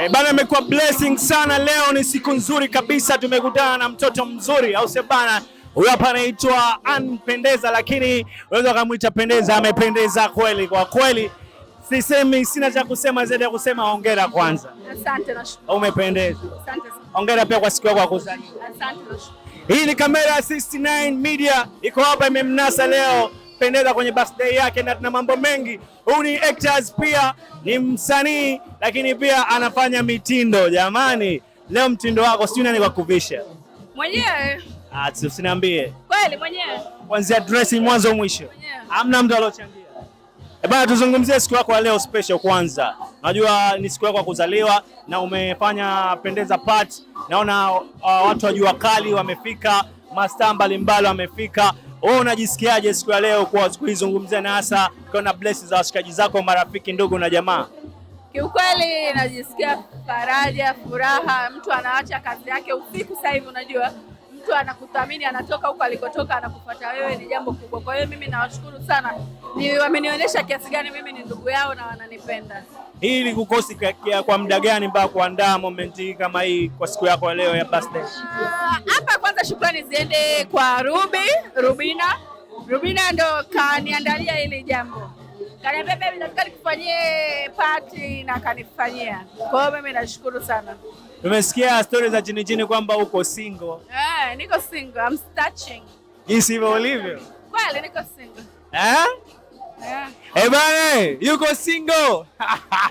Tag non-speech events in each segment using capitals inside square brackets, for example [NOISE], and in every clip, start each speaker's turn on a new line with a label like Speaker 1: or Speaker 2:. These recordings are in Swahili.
Speaker 1: E, eh, bana amekuwa blessing sana leo. Ni siku nzuri kabisa, tumekutana na mtoto mzuri, au sio bana? Huyo hapa anaitwa Anpendeza, lakini unaweza kumuita Pendeza. Amependeza kweli kwa kweli, sisemi, sina cha kusema zaidi ya kusema hongera kwanza.
Speaker 2: Asante na shukrani.
Speaker 1: Umependeza. Asante. Hongera pia kwa siku yako ya kuzaliwa.
Speaker 2: Asante na shukrani.
Speaker 1: Hii ni kamera 69 Media iko hapa imemnasa leo kupendeza kwenye birthday yake na tuna mambo mengi. Huyu ni actors pia ni msanii, lakini pia anafanya mitindo. Jamani, leo mtindo wako sijui nani kuvisha
Speaker 2: mwenyewe?
Speaker 1: Ah, usiniambie
Speaker 2: kweli, mwenyewe
Speaker 1: kuanzia dressing mwanzo mwisho, hamna mtu alochangia. Eh, bana, tuzungumzie siku yako ya leo special. Kwanza najua ni siku yako ya kuzaliwa na umefanya pendeza part, naona uh, watu wa jua kali wamefika, mastaa mbalimbali wamefika wewe unajisikiaje siku ya leo kwa kuizungumzia na hasa ukiona blessi za washikaji zako, marafiki, ndugu na jamaa?
Speaker 2: Kiukweli najisikia faraja, furaha. Mtu anaacha kazi yake usiku sasa hivi, unajua mtu anakuthamini, anatoka huko alikotoka, anakufuata wewe, ni jambo kubwa. Kwa hiyo mimi nawashukuru sana, ni wamenionyesha kiasi gani mimi ni ndugu yao na wananipenda
Speaker 1: hii kukosi kwa, kwa muda gani mpaka kuandaa moment hii kama hii kwa siku yako ya leo ya birthday
Speaker 2: ah, hapa? Uh, kwanza shukrani ziende kwa Ruby Rubina. Rubina ndo kaniandalia hili jambo, kaniambia baby, nataka nikufanyie party na kanifanyia. Kwa hiyo mimi nashukuru sana.
Speaker 1: Tumesikia story za chini chini kwamba uko single.
Speaker 2: Eh, yeah, niko single. I'm searching.
Speaker 1: Jinsi hivyo ulivyo.
Speaker 2: Kweli niko single. Eh? Yeah? Hey,
Speaker 1: eh, bana yuko single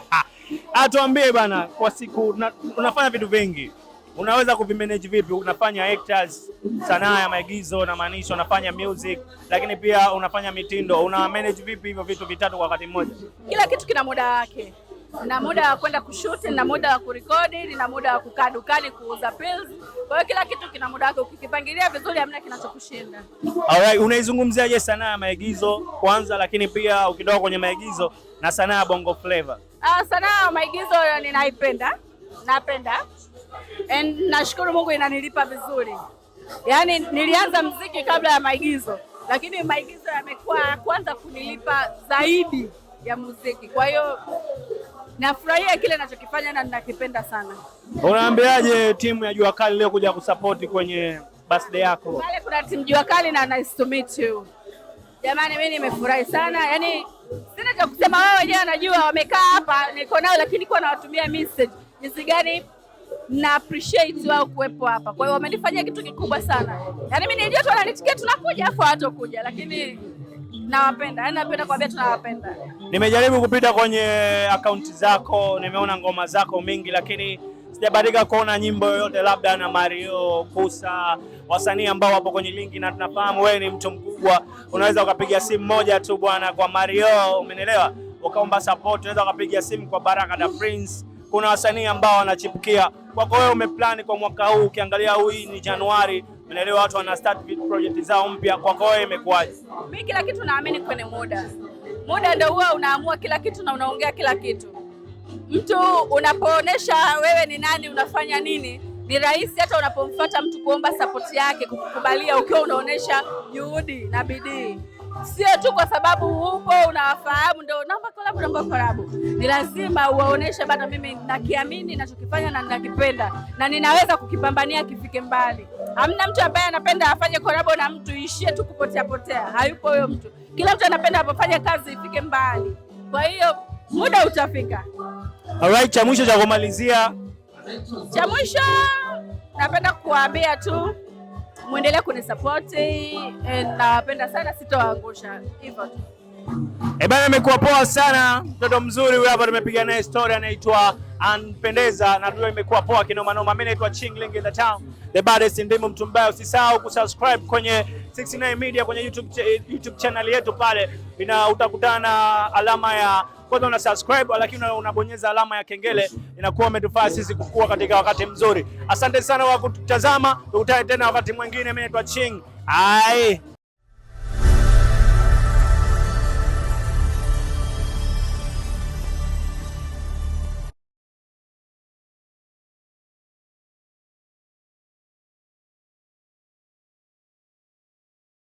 Speaker 1: [LAUGHS] atuambie bana, kwa siku una, unafanya vitu vingi, unaweza kuvimanage vipi? Unafanya actors, sanaa ya maigizo na maanisho, unafanya music, lakini pia unafanya mitindo, una manage vipi hivyo vitu vitatu kwa wakati mmoja?
Speaker 2: Kila kitu kina muda wake na muda wa kwenda kushuti nina muda wa kurekodi, nina muda wa kukaa dukani kuuza pills. Kwa hiyo kila kitu kina muda wake, ukikipangilia vizuri hamna kinachokushinda.
Speaker 1: Alright, unaizungumziaje sanaa ya maigizo kwanza, lakini pia ukitoka kwenye maigizo na sanaa ya Bongo Flava?
Speaker 2: Ah, sanaa ya maigizo ninaipenda, napenda and nashukuru Mungu inanilipa vizuri. Yaani nilianza mziki kabla ya maigizo, lakini maigizo yamekuwa kwanza kunilipa zaidi ya muziki, kwa hiyo nafurahia kile ninachokifanya na ninakipenda sana.
Speaker 1: Unaambiaje timu ya Jua Kali leo kuja kusapoti kwenye birthday yako?
Speaker 2: Pale kuna timu Jua Kali na nice to meet you. Jamani, mimi nimefurahi sana, yaani sina cha kusema, wao wenyewe wanajua, wamekaa hapa niko nao, lakini kwa nawatumia message jinsi gani na appreciate wao kuwepo hapa. Kwa hiyo wamenifanyia kitu kikubwa sana, yaani mimi nilijua tu wananitikia tunakuja, afu hawatokuja lakini nawapenda, yani napenda kuambia tu nawapenda.
Speaker 1: Nimejaribu kupita kwenye akaunti zako, nimeona ngoma zako mingi, lakini sijabadilika kuona nyimbo yoyote, labda na Mario Kusa, wasanii ambao wapo kwenye linki, na tunafahamu wewe ni mtu mkubwa, unaweza ukapiga simu moja tu bwana kwa Mario, umenielewa, ukaomba support, unaweza ukapiga simu kwa Baraka da Prince. Kuna wasanii ambao wanachipukia kwako, wewe umeplani kwa mwaka huu, ukiangalia huu ni Januari mnaelewa watu wana start project zao mpya. Kwako wewe imekuwaje?
Speaker 2: Mimi kila kitu naamini kwenye muda. Muda ndio huwa unaamua kila kitu na unaongea kila kitu. Mtu unapoonesha wewe ni nani, unafanya nini, ni rahisi hata unapomfuata mtu kuomba support yake, kukubalia, ukiwa unaonesha juhudi na bidii sio tu kwa sababu upo unawafahamu, ndio naomba collab, naomba collab. Ni lazima uwaoneshe bado mimi nakiamini ninachokifanya na ninakipenda na ninaweza kukipambania kifike mbali. Hamna mtu ambaye anapenda afanye korabo na mtu ishie tu kupotea potea, hayupo huyo mtu. Kila mtu anapenda apofanye kazi ifike mbali, kwa hiyo muda utafika.
Speaker 1: Alright, cha mwisho cha kumalizia,
Speaker 2: cha mwisho napenda kuwaambia tu muendelee kunisapoti, eh, nawapenda sana, sitowaangusha, hivyo tu.
Speaker 1: Eh bana, amekuwa poa sana, mtoto mzuri huyu hapa, tumepiga naye story, anaitwa Anpendeza na tuyo, imekuwa poa kinoma noma. Mimi naitwa Chingling in the town the baddest ndimu mtu mbaya. Usisahau kusubscribe kwenye 69 Media kwenye YouTube, ch YouTube channel yetu pale ina utakutana alama ya kwanza una subscribe, lakini unabonyeza alama ya kengele, inakuwa umetufaa sisi kukua katika wakati mzuri. Asante sana kwa kututazama, tukutane tena wakati mwingine. Mimi naitwa Ching ai